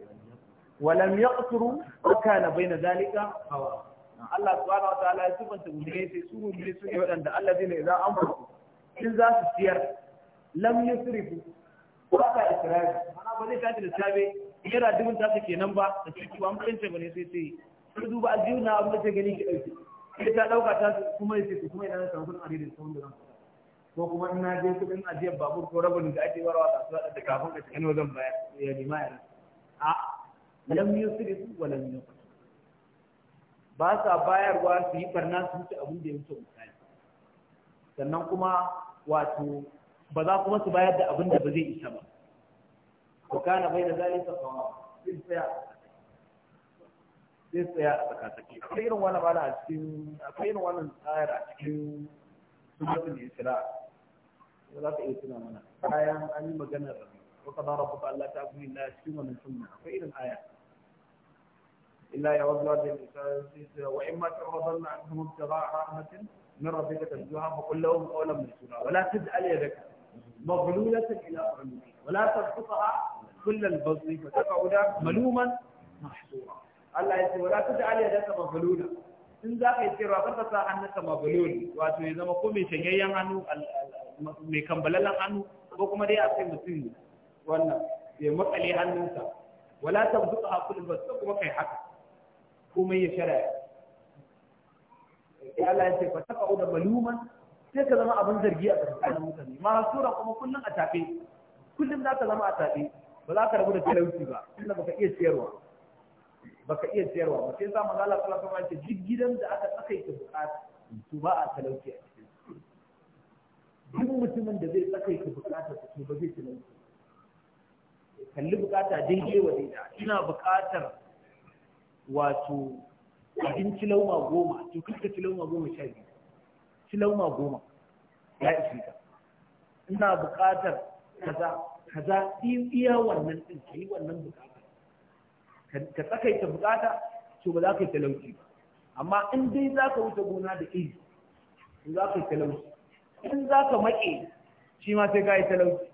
wa lam yaqturu wa kana bayna zalika hawa Allah subhanahu wa ta'ala ya sifanta mu'mine sai su mu'mine su ne wadanda za an faku in za su siyar lam yusrifu ba ka israfi mana ba zai tafi da safe naira dubin ta take kenan ba da ciki ba mutunce ba ne sai sai sai duba aljihu na abin da ta gani ki ɗauki sai ta ɗauka ta kuma ya ce kuma idan na samu kuɗin adadin sauran da zan ko kuma in na je kudin ajiyar babur ko rabin da ake warawa kasuwa da kafin ka cikin wajen bayar ya nima ya a lam yusri su wa lam yusri ba sa bayarwa su yi barna su wuce abin da ya wuce misali sannan kuma wato ba za kuma su bayar da abin da ba zai isa ba ko kana bai da zalika kawa zai tsaya zai tsaya a tsakatsaki akwai irin wannan mala a cikin akwai irin wannan tsayar a cikin sunnatul isra da za ka iya tuna mana bayan an yi maganar wa qadara rabbuka alla ta'budu illa cikin wannan sunna akwai irin aya إلا يود الإنسان وإما تعرضن عنهم ابتغاء رحمة من ربك ترجوها فقل لهم قولا ميسورا ولا تجعل يدك مغلولة إلى عنقك ولا تبسطها كل البسط فتقعد ملوما محصورا الله يقول ولا تجعل يدك مغلولة in za ka yi cewa karka sa hannunka mabaloli wato ya zama ko mai shanyayyen hannu hannu ko kuma dai a sai mutum wannan ya makale hannunsa wala ta buɗe ba kuma kai haka komai ya shara sai Allah ya ce fa taka da maluman sai ka zama abin zargi a tsakanin mutane mahasura kuma kullum a tafe kullum za ka zama a tafe ba za ka rabu da talauci ba tunda baka iya siyarwa baka iya siyarwa ba sai sa manzo Allah sallallahu alaihi ce duk gidan da aka tsakaita bukata to ba a talauci a cikin duk mutumin da zai tsakaita bukata to ba zai talauci kalli bukata daidai wa daida ina bukatar wato abin cilauma goma to kuka cilauma goma sha biyu ci goma ya isi ka ina buƙatar kaza kaza iya wannan din ka yi wannan buƙata ka tsakaita buƙata to ba za ka yi talauci ba amma in dai za ka wuce gona da iri in za ka yi talauci in za ka maƙe shi ma sai ka yi talauci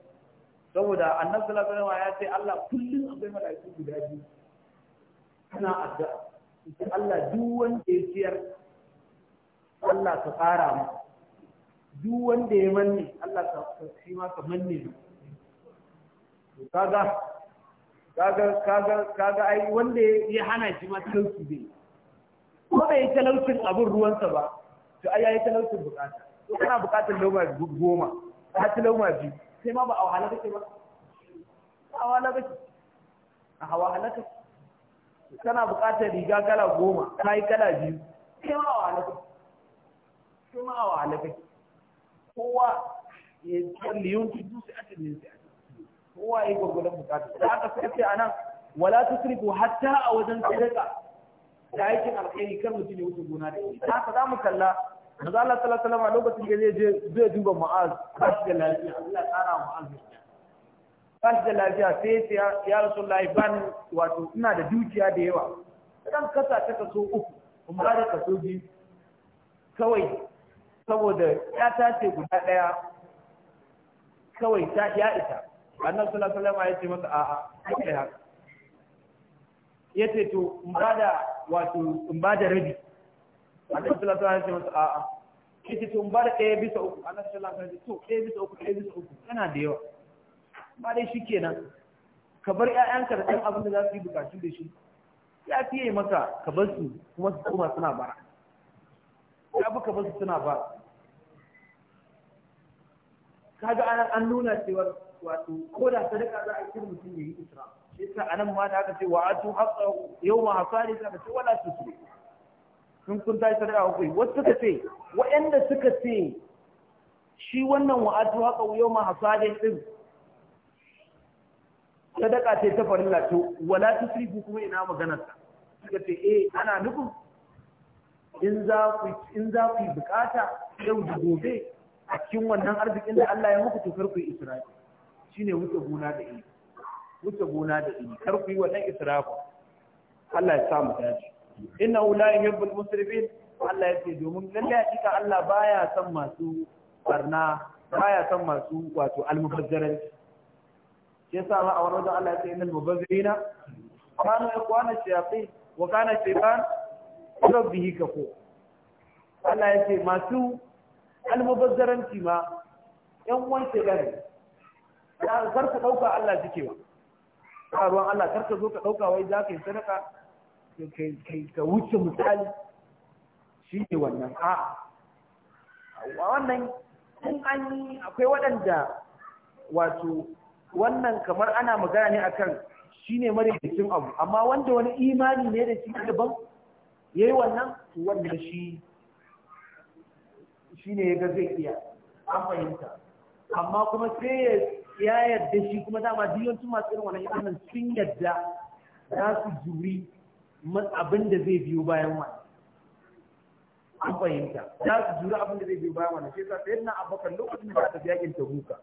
saboda annabi sallallahu alaihi wasallam ya ce Allah kullum akwai mala'iku guda biyu kana addu'a ita Allah duk wanda ya ciyar Allah ka ƙara mu duk wanda ya manne Allah ka shi ma ka manne mu kaga kaga kaga kaga ai wanda ya hana shi ma talauci zai ko bai yi talaucin abin ruwansa ba to ai yayi talaucin bukata to kana bukatar lauma goma ka ci lauma biyu sai ma ba a wahala kake ba a wahala kake a hawa halaka kana buƙatar riga kala goma ka yi kala biyu kai ma a wahala kai a wahala kai kowa ya tsalli yun tudu sai ake ne sai kowa ya yi gwagwadon buƙatar da aka sai ce anan wala tusrifu hatta a wajen sadaka da aikin alkhairi kan mutum ya wuce gona da shi ta za mu kalla manzo Allah sallallahu alaihi wasallam lokacin da zai je zai duba mu'az ba shi da lafiya Allah ya tsara mu'az ba da lafiya sai ya ya rasulullahi ba ni wato ina da dukiya da yawa dan kasa ta kaso uku kuma har da kaso biyu kawai saboda ya ce guda ɗaya kawai ta ya isa annabi sallallahu alaihi wasallam ya ce masa a'a kai haka yace to in bada wato in rabi annabi sallallahu alaihi wasallam ya ce masa a'a ce to in da ɗaya bisa uku annabi sallallahu alaihi wasallam ya ce to ɗaya bisa uku ɗaya bisa uku yana da yawa ba dai shi kenan ka bar 'ya'yanka da ɗan abin da za su yi bukatu da shi ya fiye maka ka bar su kuma su koma suna bara ya fi ka bar su suna bara kaga anan an nuna cewa wato ko da sadaka za a kira mutum ya yi isra shi yasa anan ma da aka ce wa atu haqqa yawma hasari ka ce wala su sun kun tashi sadaka ku wasu suka ce waɗanda suka ce shi wannan wa yau ma yawma hasari din sadaka ce ta farilla to wala tusrifu kuma ina maganar ta suka ce eh ana nufin in za ku in za ku bukata yau da gobe a cikin wannan arzikin da Allah ya muku to karku yi israfi shine wuce gona da ini wuce gona da ini karku ku yi wannan israfi Allah ya sa mu dace inna la yuhibbul musrifin Allah ya ce domin lalle hakika Allah baya son masu barna baya son masu wato almubazzaranci ya yasa ba a wani wajen Allah ya ce innal mubazzirina kanu ikhwana shayatin wa kana shaytan rabbihi ko. Allah ya ce masu almubazzaranci ma ‘yan wanke Ya kar ka ɗauka Allah jike wa, a ruwan Allah kar ka zo ka ɗauka wai za ka yi sadaka ka wuce misali shi ne wannan a wannan in an yi akwai waɗanda wato wannan kamar ana magana ne akan shine maraicin abu amma wanda wani imani ne da shi daban yayi wannan wanda shi shine ga zai iya an fahimta amma kuma sai ya yarda shi kuma dama diyoncin masu irin wannan imanin sun yarda za su juri abin da zai biyo bayan wani. an fahimta za su juri abin da zai biyo bayan wannan shi yasa na abubakar lokacin da aka yakin tabuka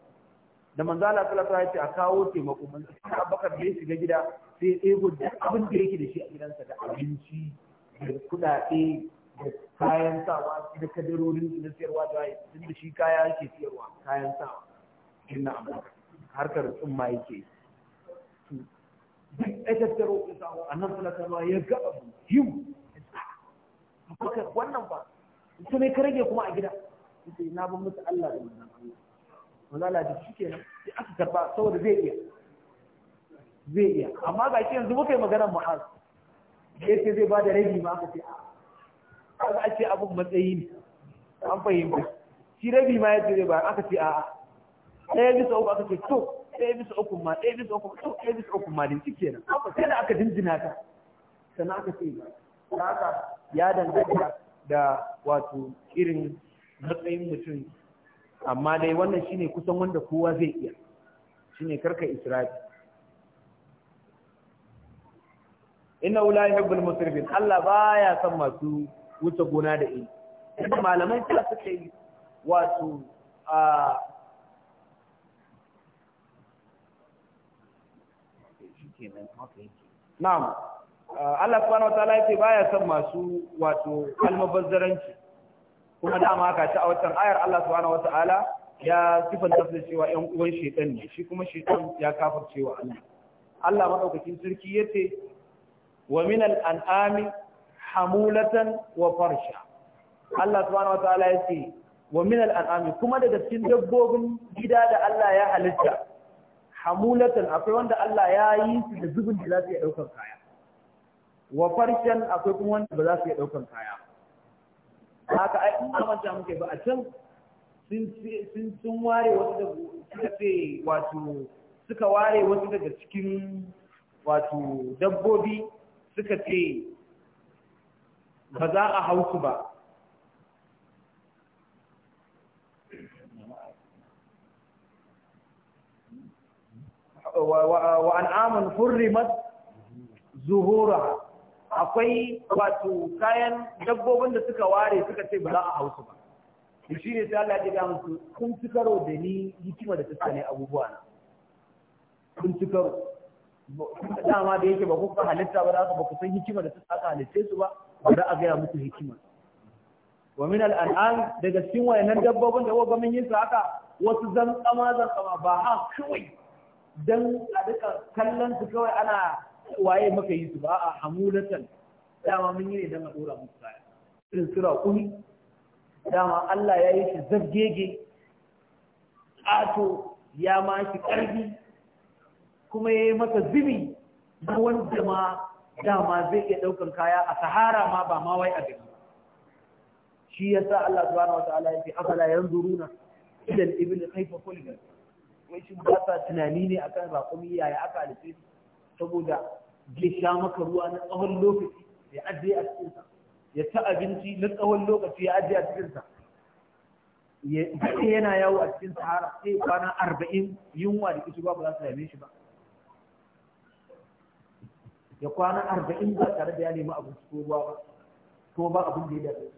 da manzo Allah sallallahu alaihi wasallam ya ce a kawo taimako manzo Abubakar bai shiga gida sai ya ɗebo da abin da yake da shi a gidansa da abinci da kudade da kayan sawa da kadarorin da sayarwa da waye din da shi kaya yake sayarwa kayan sawa inna Abubakar harkar tsumma yake duk ya tattaro ya samu annan sallallahu ya ga abu him ah, Abubakar wannan ba su ne ka rage kuma a gida sai na bin musu Allah da manzo Allah mazala da shi ke sai aka karba saboda zai iya zai iya amma ga shi yanzu muka yi maganar mu'az ya ce zai ba da rabi ma aka ce a aka ce abin matsayi ne an fahimta shi rabi ma ya ce zai ba aka ce a'a ɗaya bisa uku aka ce to ɗaya bisa uku ma ɗaya bisa uku to ɗaya bisa uku ma din shi kenan sai da aka dindina ta sannan aka ce ba ya danganta da wato irin matsayin mutum amma dai wannan shine kusan wanda kowa zai iya shine karka israfi inna ulai yuhibbul musrifin Allah baya son masu wuce gona da ilimi inda malamai ta suka yi wato a na'am Allah subhanahu wa ta'ala yake baya son masu wato almubazzaranci kuma dama ka ci a watan ayar Allah subhanahu wataala ya sifanta su cewa ƴan uwan shaitan ne shi kuma shaitan ya kafirce cewa Allah Allah madaukakin sarki yace wa min al-an'ami hamulatan wa farsha Allah subhanahu wataala yace wa min al-an'ami kuma daga cikin dabbobin gida da Allah ya halitta hamulatan akwai wanda Allah ya yi su da zubin da za su iya daukar kaya wa farshen akwai kuma wanda ba za su iya daukar kaya haka ai in manta muke ba a can sun sun ware wasu da suka ce wato suka ware wasu daga cikin wato dabbobi suka ce ba za a hau su ba wa وعن آمن حرمت zuhura akwai wato kayan dabbobin da suka ware suka ce ba za a hausu ba to shi ne sai Allah ya ga musu kun ci karo da ni hikima da tsaka ne abubuwa na kun ci karo dama da yake ba ku ka halitta ba za ba ku san hikima da aka halitta su ba ba za a ga musu hikima wa min al'an daga cikin wayannan dabbobin da wago yin su haka wasu zan tsama zan tsama ba ha kawai dan a duka kallon su kawai ana waye maka yi su ba a hamulatan dama mun yi ne don a dora musu kaya irin sura kuni dama Allah ya yi shi zabgege ato ya ma shi ƙarfi kuma ya yi masa zubi na wanda ma dama zai iya ɗaukar kaya a sahara ma ba ma wai a gari shi ya sa Allah subhanahu wa ta'ala ya ce afala yanzuruna idan al-ibl kayfa wai shi ba sa tunani ne akan raƙumi yaya aka halice saboda zai sha maka ruwa na tsawon lokaci ya ajiye a cikinsa ya ta abinci na tsawon lokaci ya ajiye a cikinsa ya yana yawo a cikin sahara sai kwana arba'in yunwa da kusurwa ba za su dame shi ba ya kwana arba'in ba tare da ya nemi abinci ko ruwa ba ko ba abin da ya dace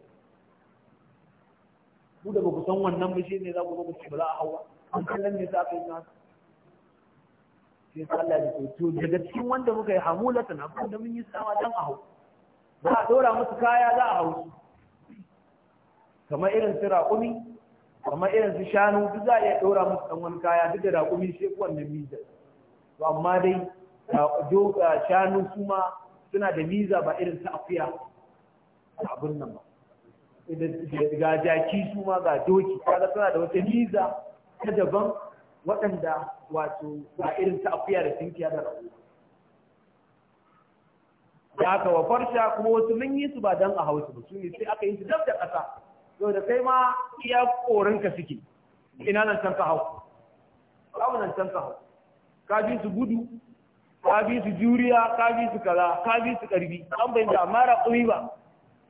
ku da ba ku san wannan ba shi ne za ku zo ku shi ba za a hawa an kallon ne za a kai nasu sai Allah ya ce to daga cikin wanda muka yi na abin da mun yi sama dan a hau za a dora musu kaya za a hau kamar irin su raƙumi kamar irin su shanu duk za a iya dora musu dan wani kaya duk da raƙumi shi wannan miza to amma dai shanu kuma suna da miza ba irin su akuya abin nan ba ga jaki su ma ga doki kaga suna da wata miza ta daban waɗanda wato ba irin ta afiya da tinkiya da rago da aka wa farsha kuma wasu mun yi su ba dan a hausa ba su ne sai aka yi su dab da ƙasa to da kai ma iya ka suke ina nan can ka hau babu nan can ka hau ka bi su gudu ka bi su juriya ka bi su kaza ka bi su karbi an bai da mara ƙumi ba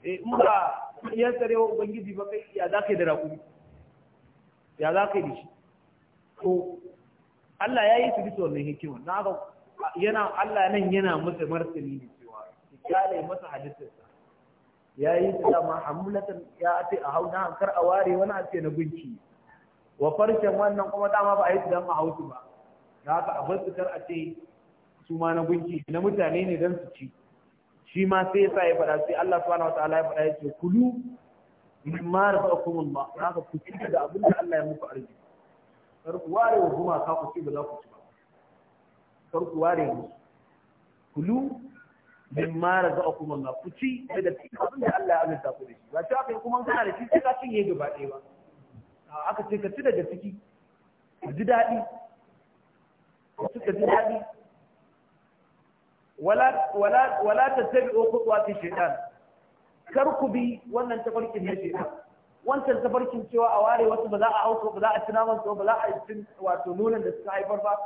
eh, in ba yan sarewa ubangiji ba kai ya za ka yi da raƙumi ya za ka yi da shi to Allah ya yi su bisa wannan hikima na ga yana Allah nan yana masa martani ne cewa kyale masa halittarsa ya yi su ma hamulatan ya ce a hau na hankar a ware wani a na gunki wa farshen wannan kuma dama ba a yi su dama hausu ba Na haka a bar su kar a ce su ma na gunki na mutane ne don su ci shi ma sai ya sa ya faɗa sai Allah subhanahu wataala ya faɗa ya ce kulu mimma rafa'akum haka ku ci da abin da Allah ya muku arziki kar ku ware wa gumaka ku ce ba za ku ci ba kar ku ware musu kulu min mara ma kuma na ku ci mai daga cikin abin da Allah ya azurta ku da shi ba ta kai kuma kana da shi sai ka cinye gaba ɗaya ba aka ce ka ci daga ciki ka ji daɗi ka ci ka ji daɗi wala ta tabi o kuɗuwa ta shaitan kar ku bi wannan tafarkin na shaitan wancan tafarkin cewa a ware wasu ba za a hausa ba za a tuna wasu ba za a cin wato nunan da suka haifar ba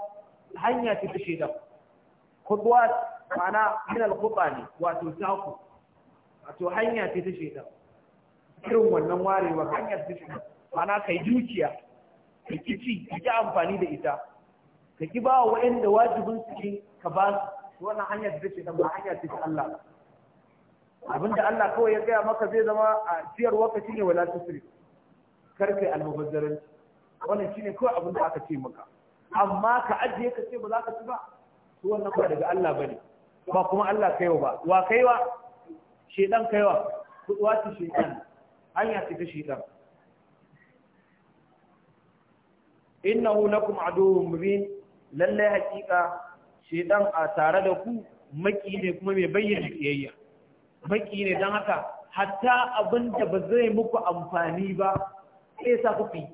hanya ce ta shaidan khudwat ma'ana min al-khutba ne wato taku wato hanya ce ta shaidan irin wannan warewa hanya ce ta shaidan ma'ana kai dukiya ka kici ka ki amfani da ita ka ki ba wa waɗanda wajibin su ka ba su wannan hanya ce ta shaidan ba hanya ce ta Allah abinda Allah kawai ya gaya maka zai zama a ciyar waka shine wala tusri kar kai almubazzaranci wannan shine kawai abin da aka ce maka amma ka ajiye ka ce ba za ka ci ba to wannan ba daga Allah bane ba kuma Allah kaiwa ba wa kaiwa shedan kaiwa kuduwa ce shedan hanya ce ta shedan innahu lakum aduwwun mubin lalle hakika shedan a tare da ku maki ne kuma mai bayyana kiyayya Baki ne don haka hatta abin da ba zai muku amfani ba sai sa ku fi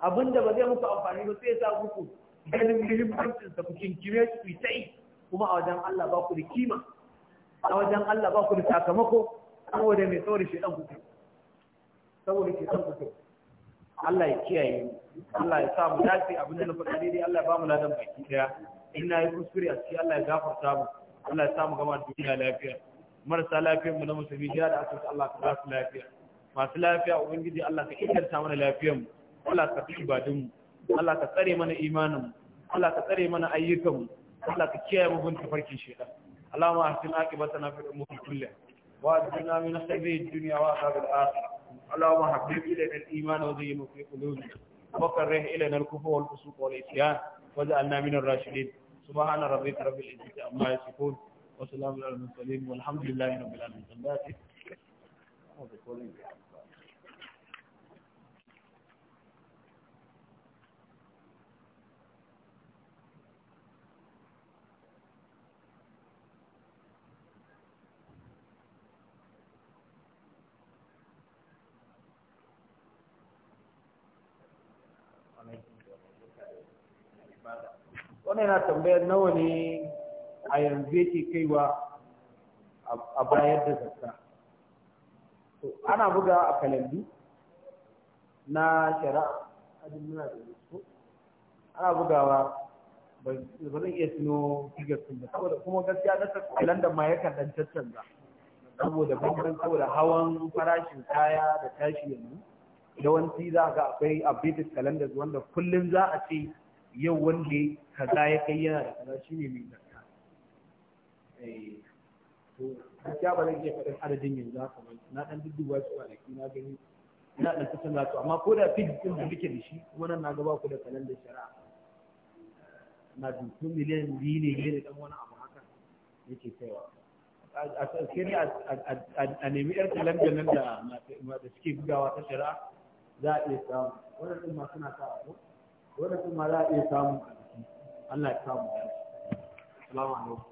abin da ba zai muku amfani ba sai sa muku ganin muhimmancin sa ku kinkime ku sai kuma a wajen Allah ba ku da kima a wajen Allah ba ku da sakamako saboda mai saboda shi dan kuke saboda shi dan kuke Allah ya kiyaye Allah ya sa mu dace abin da na faɗa daidai Allah ya ba mu ladan baki daya in na yi kuskure a ciki Allah ya gafarta mu Allah ya sa mu gama duniya lafiya marasa lafiyar mu na musulmi ya da asusu Allah ka ba su lafiya masu lafiya ubangiji Allah ka inganta mana lafiyar mu Allah ka fi ibadun Allah ka tsare mana imanin Allah ka tsare mana ayyukanmu, mu Allah ka kiyaye mu farkin gun tafarkin shaitan Allahumma ahsin aqibatana fil umuri kullih wa ajirna min khayri ad-dunya wa azabil akhirah اللهم حبب إلينا الإيمان وزينه في قلوبنا وكره إلينا الكفر والفسوق والعصيان وجعلنا من الراشدين سبحان ربك رب العزة عما يصفون وسلام على المرسلين والحمد لله رب العالمين wannan yana tambayar nawa ne a yanzu yake kaiwa a bayar da zakka to ana buga a kalandu na shari'a muna da wasu ana bugawa ba zan iya suno figar sun ba saboda kuma gaskiya na kalandar ma yakan dan caccanza saboda bambam saboda hawan farashin kaya da tashi yanzu yawanci za ga akwai updated calendars wanda kullum za a ce yau wanda kaza ya kai yana da kaza shine mai zakka Eh, gaskiya ba zan iya faɗin adadin yanzu haka ba na ɗan su na gani ɗan kusan za su amma ko da fit ɗin da muke da shi kuma nan na gaba ku da na miliyan biyu ne ɗan wani abu haka yake kaiwa a nemi yar nan da suke ta za a iya samu wannan ɗin ma suna sa abu wannan ɗin ma za a iya samu a jiki Allah ya samu. alaikum.